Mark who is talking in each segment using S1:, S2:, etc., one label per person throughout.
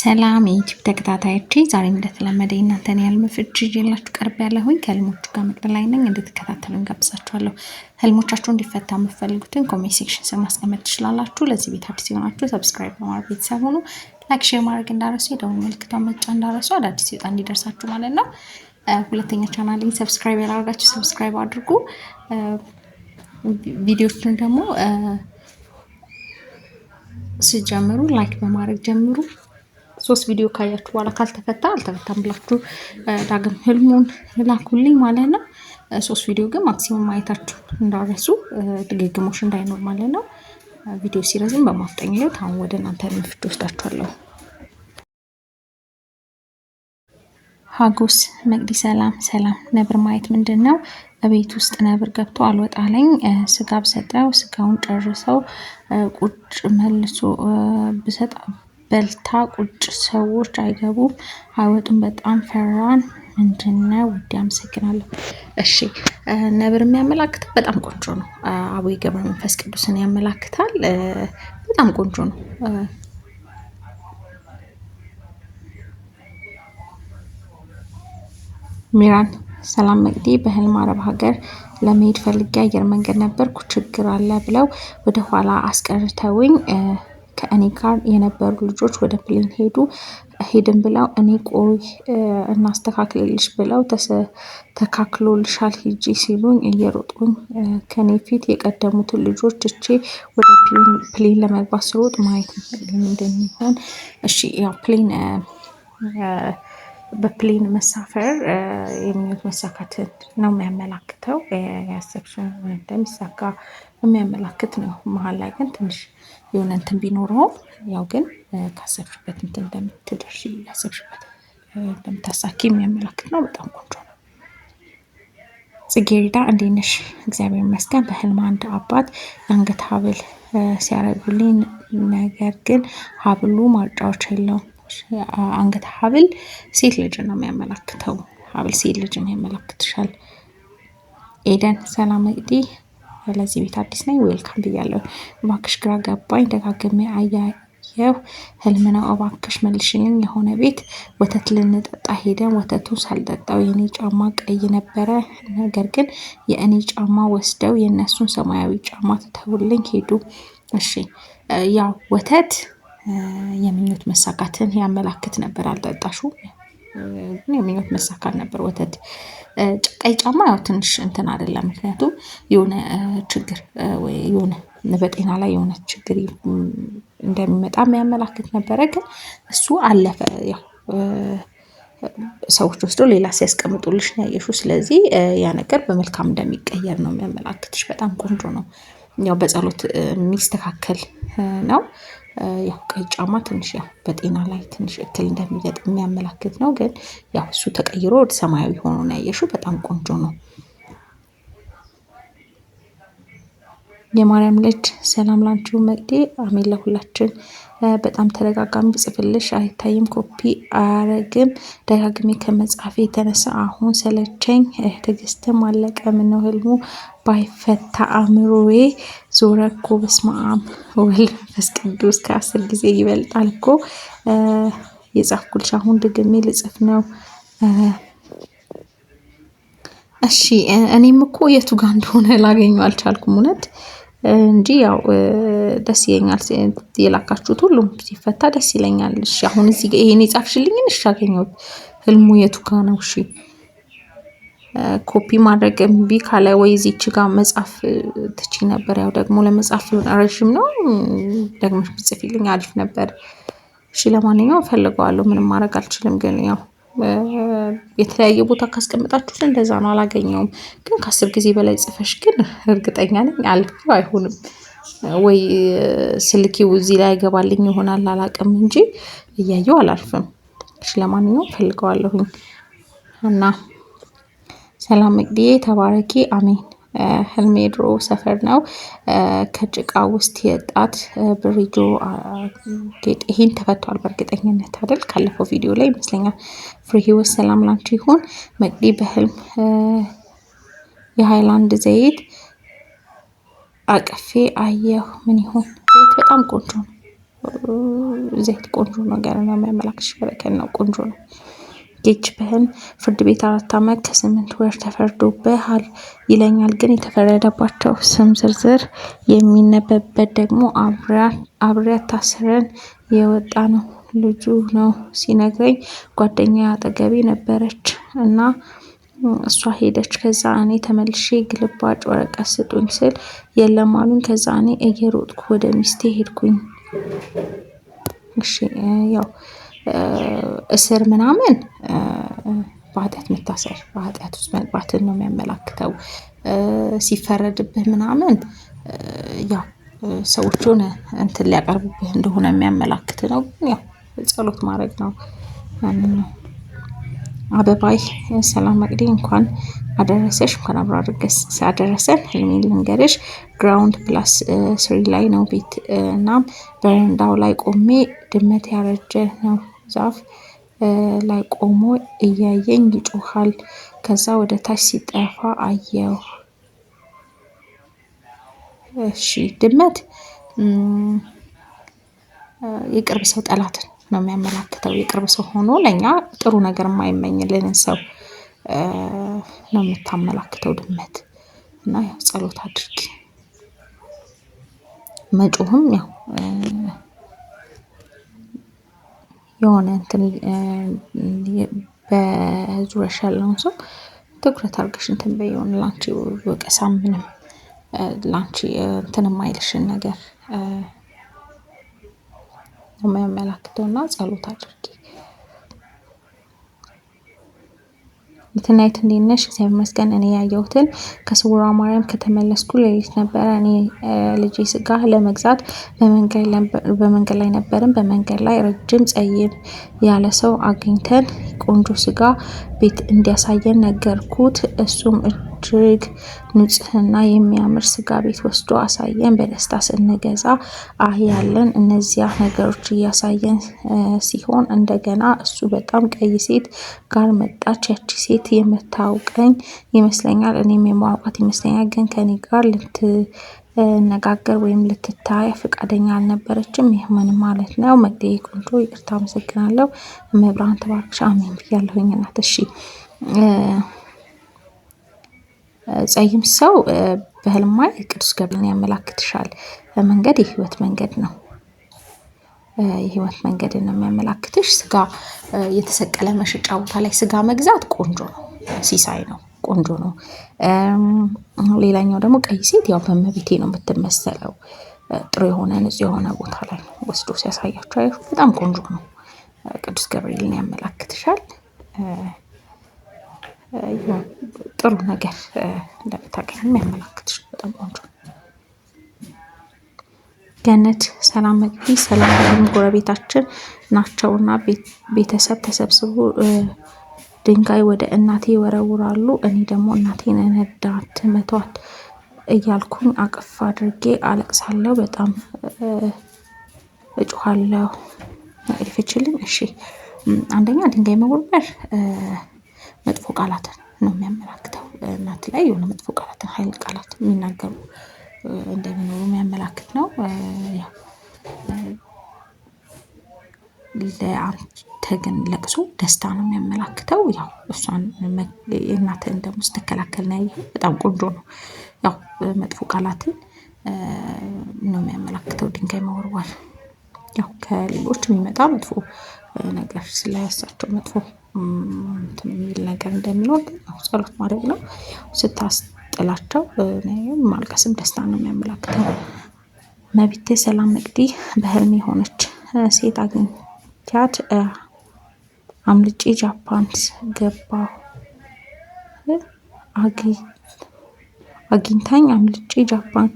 S1: ሰላም የዩቲዩብ ተከታታዮች፣ ዛሬም እንደተለመደ እናንተን የህልም ፍቺ ይዤላችሁ ቀርብ ያለሁኝ ከህልሞቹ ጋር ምድር ላይ ነኝ። እንድትከታተሉ እንጋብዛችኋለሁ። ህልሞቻችሁ እንዲፈታ የምትፈልጉትን ኮሜንት ሴክሽን ስር ማስቀመጥ ትችላላችሁ። ለዚህ ቤት አዲስ የሆናችሁ ሰብስክራይብ በማድረግ ቤተሰብ ሁኑ። ላይክ፣ ሼር ማድረግ እንዳረሱ፣ የደወል ምልክቷን መጫ እንዳረሱ፣ አዳዲስ ይወጣ እንዲደርሳችሁ ማለት ነው። ሁለተኛ ቻናሌን ሰብስክራይብ ያላደረጋችሁ ሰብስክራይብ አድርጉ። ቪዲዮችን ደግሞ ስጀምሩ ላይክ በማድረግ ጀምሩ። ሶስት ቪዲዮ ካያችሁ በኋላ ካልተፈታ አልተፈታም ብላችሁ ዳግም ህልሙን ላኩልኝ ማለት ነው። ሶስት ቪዲዮ ግን ማክሲሙም ማየታችሁ እንዳረሱ ድግግሞሽ እንዳይኖር ማለት ነው። ቪዲዮ ሲረዝም በማፍጠኝ ለት አሁን ወደ እናንተ ምፍች ወስዳችኋለሁ። ሀጎስ መቅዲ ሰላም ሰላም። ነብር ማየት ምንድን ነው? ቤት ውስጥ ነብር ገብቶ አልወጣለኝ ስጋ ብሰጠው ስጋውን ጨርሰው ቁጭ መልሶ ብሰጣ። በልታ ቁጭ ሰዎች አይገቡም። አይወጡም በጣም ፈራን። ምንድነው? ውዴ አመሰግናለሁ። እሺ ነብር የሚያመላክተው በጣም ቆንጆ ነው። አቡነ ገብረ መንፈስ ቅዱስን ያመላክታል። በጣም ቆንጆ ነው። ሚራን ሰላም መቅዲ በህልም አረብ ሀገር ለመሄድ ፈልጌ አየር መንገድ ነበርኩ ችግር አለ ብለው ወደ ኋላ አስቀርተውኝ ከእኔ ጋር የነበሩ ልጆች ወደ ፕሌን ሄዱ። ሄድን ብለው እኔ ቆይ እናስተካክልልሽ ብለው ተካክሎልሻል ሂጂ ሲሉኝ እየሮጡኝ ከኔ ፊት የቀደሙትን ልጆች እቼ ወደ ፕሌን ለመግባት ስሮጥ ማየት እንደሚሆን እሺ፣ ያው ፕሌን በፕሌን መሳፈር የሚወት መሳካትን ነው የሚያመላክተው። ያሰብሽን እንደሚሳካ የሚያመላክት ነው። መሀል ላይ ግን ትንሽ የሆነ እንትን ቢኖረውም ያው ግን ካሰብሽበት እንትን እንደምትደርሽ ያሰብሽበት እንደምታሳኪ የሚያመላክት ነው። በጣም ቆንጆ ነው። ጽጌሬዳ እንዴት ነሽ? እግዚአብሔር ይመስገን። በህልም አንድ አባት የአንገት ሀብል ሲያደርጉልኝ ነገር ግን ሀብሉ ማርጫዎች የለውም። አንገት ሀብል ሴት ልጅ ነው የሚያመላክተው። ሀብል ሴት ልጅ ነው ያመላክትሻል። ኤደን ሰላም እንግዲህ ለዚህ ቤት አዲስ ነኝ፣ ዌልካም ብያለሁ። እባክሽ ግራ ገባኝ፣ ደጋግሜ አያየው ህልም ነው። እባክሽ መልሽኝ። የሆነ ቤት ወተት ልንጠጣ ሄደን ወተቱ ሳልጠጣው የእኔ ጫማ ቀይ ነበረ፣ ነገር ግን የእኔ ጫማ ወስደው የእነሱን ሰማያዊ ጫማ ትተውልኝ ሄዱ። እሺ ያው ወተት የምኞት መሳካትን ያመላክት ነበር። አልጠጣሹ ግን የምኞት መሳካት ነበር ወተት ቀይ ጫማ ያው ትንሽ እንትን አይደለም ምክንያቱም የሆነ ችግር ወይ የሆነ በጤና ላይ የሆነ ችግር እንደሚመጣ የሚያመላክት ነበረ። ግን እሱ አለፈ ያው ሰዎች ወስዶ ሌላ ሲያስቀምጡልሽ ነው ስለዚህ ያ ነገር በመልካም እንደሚቀየር ነው የሚያመላክትሽ። በጣም ቆንጆ ነው። ያው በጸሎት የሚስተካከል ነው ያው ቀይ ጫማ ትንሽ ያው በጤና ላይ ትንሽ እክል እንደሚገጥም የሚያመላክት ነው። ግን ያው እሱ ተቀይሮ ወደ ሰማያዊ ሆኖ ነው ያየሽው። በጣም ቆንጆ ነው። የማርያም ልጅ ሰላም ላንቺ መቅዴ አሜን ለሁላችን። በጣም ተደጋጋሚ ብጽፍልሽ አይታይም፣ ኮፒ አያረግም። ደጋግሜ ከመጻፌ የተነሳ አሁን ሰለቸኝ፣ ትዕግስትም አለቀ። ምነው ህልሙ ባይፈታ አእምሮዬ ዞረ እኮ። በስመ አብ ወወልድ ወመንፈስ ቅዱስ ከአስር ጊዜ ይበልጣል እኮ የጻፍኩልሽ። አሁን ድግሜ ልጽፍ ነው። እሺ እኔም እኮ የቱ ጋር እንደሆነ ላገኘው አልቻልኩም እውነት እንጂ ያው ደስ ይለኛል የላካችሁት ሁሉም ሲፈታ ደስ ይለኛል። እሺ አሁን እዚህ ጋር ይሄን የጻፍሽልኝን እሺ አገኘሁት። ህልሙ የቱ ጋ ነው? እሺ ኮፒ ማድረግ እምቢ ካለ ወይ እዚች ጋር መጻፍ ትቺ ነበር። ያው ደግሞ ለመጻፍ ረዥም ነው። ደግመሽ ብጽፊልኝ አሪፍ ነበር። እሺ ለማንኛውም ፈልገዋለሁ። ምንም ማድረግ አልችልም ግን ያው የተለያየ ቦታ ካስቀምጣችሁት እንደዛ ነው። አላገኘውም ግን ከአስር ጊዜ በላይ ጽፈሽ ግን እርግጠኛ ነኝ አልፌው አይሆንም። ወይ ስልኬው እዚህ ላይ አይገባልኝ ይሆናል አላቅም እንጂ እያየው አላልፍም። እሺ ለማንኛውም ፈልገዋለሁኝ እና ሰላም መቅዲዬ ተባረኪ፣ አሜን። ህልሜ ድሮ ሰፈር ነው። ከጭቃ ውስጥ የጣት ብሪጆ ጌጥ ይህን ተፈቷል በእርግጠኝነት አይደል? ካለፈው ቪዲዮ ላይ ይመስለኛል። ፍሬ ህይወት ሰላም ላንቺ ይሁን። መቅዲ በህልም የሃይላንድ ዘይት አቅፌ አየሁ። ምን ይሁን ዘይት? በጣም ቆንጆ ነው ዘይት። ቆንጆ ነገር ነው የሚያመላክሽ። በረከን ነው። ቆንጆ ነው። ይህችብህን ፍርድ ቤት አራት ዓመት ከስምንት ወር ተፈርዶብሃል ይለኛል። ግን የተፈረደባቸው ስም ዝርዝር የሚነበብበት ደግሞ አብሬያት ታስረን የወጣ ነው ልጁ ነው ሲነግረኝ ጓደኛ አጠገቤ ነበረች እና እሷ ሄደች። ከዛ እኔ ተመልሼ ግልባጭ ወረቀት ስጡኝ ስል የለም አሉኝ። ከዛ እኔ እየሮጥኩ ወደ ሚስቴ ሄድኩኝ። እሺ ያው እስር ምናምን በኃጢአት መታሰር በኃጢአት ውስጥ መግባትን ነው የሚያመላክተው። ሲፈረድብህ ምናምን ያው ሰዎቹን እንትን ሊያቀርቡብህ እንደሆነ የሚያመላክት ነው። ግን ያው ጸሎት ማድረግ ነው። ያንን ነው። አበባይ ሰላም መቅዲ እንኳን አደረሰሽ። እንኳን አብሮ አድርገስ ሲያደረሰን ህልሜን ልንገርሽ ግራውንድ ፕላስ ስሪ ላይ ነው ቤት እና በረንዳው ላይ ቆሜ ድመት ያረጀ ነው ዛፍ ላይ ቆሞ እያየኝ ይጮሃል። ከዛ ወደ ታች ሲጠፋ አየው እሺ ድመት የቅርብ ሰው ጠላትን ነው የሚያመላክተው። የቅርብ ሰው ሆኖ ለኛ ጥሩ ነገር የማይመኝልን ሰው ነው የምታመላክተው ድመት። እና ያው ጸሎት አድርጊ መጮህም ያው የሆነ እንትን በዙሪያሽ ያለውን ሰው ትኩረት አድርገሽ እንትን በየሆን ላንቺ ወቀሳም ምንም ላንቺ እንትን የማይልሽን ነገር ነው የሚያመላክተው እና ጸሎት አድርጌ ትናንት እንዴት ነሽ? እግዚአብሔር ይመስገን። እኔ ያየሁትን ከስውሯ ማርያም ከተመለስኩ ሌሊት ነበረ። እኔ ልጄ ስጋ ለመግዛት በመንገድ ላይ ነበርን። በመንገድ ላይ ረጅም ጸይም ያለ ሰው አግኝተን ቆንጆ ስጋ ቤት እንዲያሳየን ነገርኩት። እሱም የሚያድግ ንጽህና የሚያምር ስጋ ቤት ወስዶ አሳየን። በደስታ ስንገዛ አህ ያለን እነዚያ ነገሮች እያሳየን ሲሆን እንደገና እሱ በጣም ቀይ ሴት ጋር መጣች። ያቺ ሴት የምታውቀኝ ይመስለኛል፣ እኔም የማውቃት ይመስለኛል። ግን ከኔ ጋር ልት ልትነጋገር ወይም ልትታይ ፈቃደኛ አልነበረችም። ይህ ምን ማለት ነው? መግደይ ቆንጆ ይቅርታ፣ አመሰግናለሁ። መብራን ተባርክሽ። አሜን ብያለሁኝ እናት እሺ ጸይም ሰው በህልም ቅዱስ ገብርኤልን ያመላክትሻል። መንገድ የህይወት መንገድ ነው። የህይወት መንገድ ነው የሚያመላክትሽ። ስጋ የተሰቀለ መሸጫ ቦታ ላይ ስጋ መግዛት ቆንጆ ነው፣ ሲሳይ ነው፣ ቆንጆ ነው። ሌላኛው ደግሞ ቀይ ሴት ያው በመቤቴ ነው የምትመሰለው። ጥሩ የሆነ ንጹህ የሆነ ቦታ ላይ ወስዶ ሲያሳያቸው አይ በጣም ቆንጆ ነው። ቅዱስ ገብርኤልን ያመላክትሻል። ጥሩ ነገር እንደምታገኝ የሚያመላክት በጣም ቆንጆ ገነት ሰላም መግቢ ሰላም ወይም ጎረቤታችን ናቸውና ቤተሰብ ተሰብስቦ ድንጋይ ወደ እናቴ ይወረውራሉ። እኔ ደግሞ እናቴን እነዳት መቷት እያልኩኝ አቅፍ አድርጌ አለቅሳለሁ። በጣም እጮኋለሁ። እልፍችልኝ። እሺ፣ አንደኛ ድንጋይ መወርወር መጥፎ ቃላትን ነው የሚያመላክተው እናት ላይ የሆነ መጥፎ ቃላትን ሀይል ቃላት የሚናገሩ እንደሚኖሩ የሚያመላክት ነው። ለአንተ ግን ለቅሶ ደስታ ነው የሚያመላክተው ያው እሷን የእናትህን ደግሞ ስትከላከል ነው ያየኸው በጣም ቆንጆ ነው። ያው መጥፎ ቃላትን ነው የሚያመላክተው ድንጋይ መወርዋል። ያው ከሌሎች የሚመጣ መጥፎ ነገር ስለያሳቸው መጥፎ የሚል ነገር እንደሚኖር ጸሎት ማድረግ ነው። ስታስጥላቸው ማልቀስም ደስታ ነው የሚያመላክተው። መቤቴ ሰላም ንግዲ በህልም የሆነች ሴት አግኝቻት አምልጪ ጃፓን ገባሁ። አግኝታኝ አምልጪ ጃፓን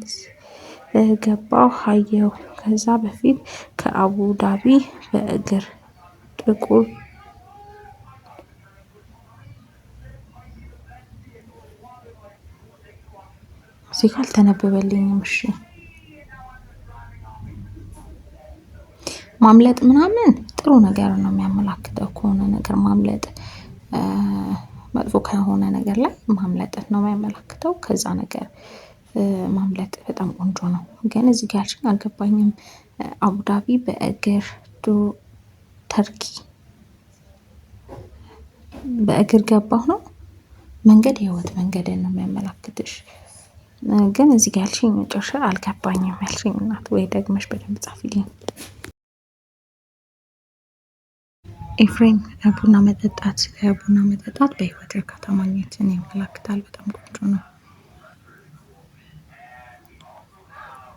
S1: ገባሁ አየሁ። ከዛ በፊት ከአቡ ዳቢ በእግር ጥቁር እዚህ ጋር አልተነበበልኝም። እሺ ማምለጥ ምናምን ጥሩ ነገር ነው የሚያመላክተው። ከሆነ ነገር ማምለጥ መጥፎ ከሆነ ነገር ላይ ማምለጥ ነው የሚያመላክተው። ከዛ ነገር ማምለጥ በጣም ቆንጆ ነው። ግን እዚህ ጋር ሽን አልገባኝም። አቡዳቢ በእግር ዱ ተርኪ በእግር ገባሁ ነው። መንገድ የህይወት መንገድን ነው የሚያመላክትሽ። ግን እዚህ ጋ ያልሽኝ መጨረሻ አልገባኝም ያልሽኝ እናት ወይ ደግመሽ በደንብ ጻፊልኝ። ኤፍሬም ቡና መጠጣት ቡና መጠጣት በህይወት እርካታ ማግኘትን ያመላክታል። በጣም ቆንጆ ነው።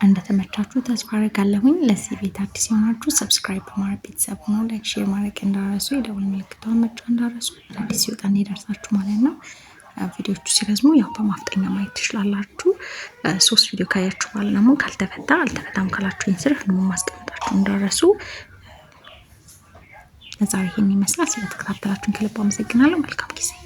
S1: እንደተመቻችሁ ተስፋ አደርጋለሁኝ። ለዚህ ቤት አዲስ የሆናችሁ ሰብስክራይብ በማድረግ ቤተሰብ ሆኖ ላይክ፣ ሼር ማድረግ እንዳረሱ፣ የደውል ምልክቷን መጫን እንዳረሱ አዲስ ሲወጣ እንዲደርሳችሁ ማለት ነው። ቪዲዮቹ ሲረዝሙ ያው በማፍጠኛ ማየት ትችላላችሁ። ሶስት ቪዲዮ ካያችሁ በኋላ ደግሞ ካልተፈታ አልተፈታም ካላችሁኝ ስር ህልሙ ማስቀመጣችሁ እንዳረሱ ነጻ። ይሄን ይመስላል። ስለተከታተላችሁን ከልብ አመሰግናለሁ። መልካም ጊዜ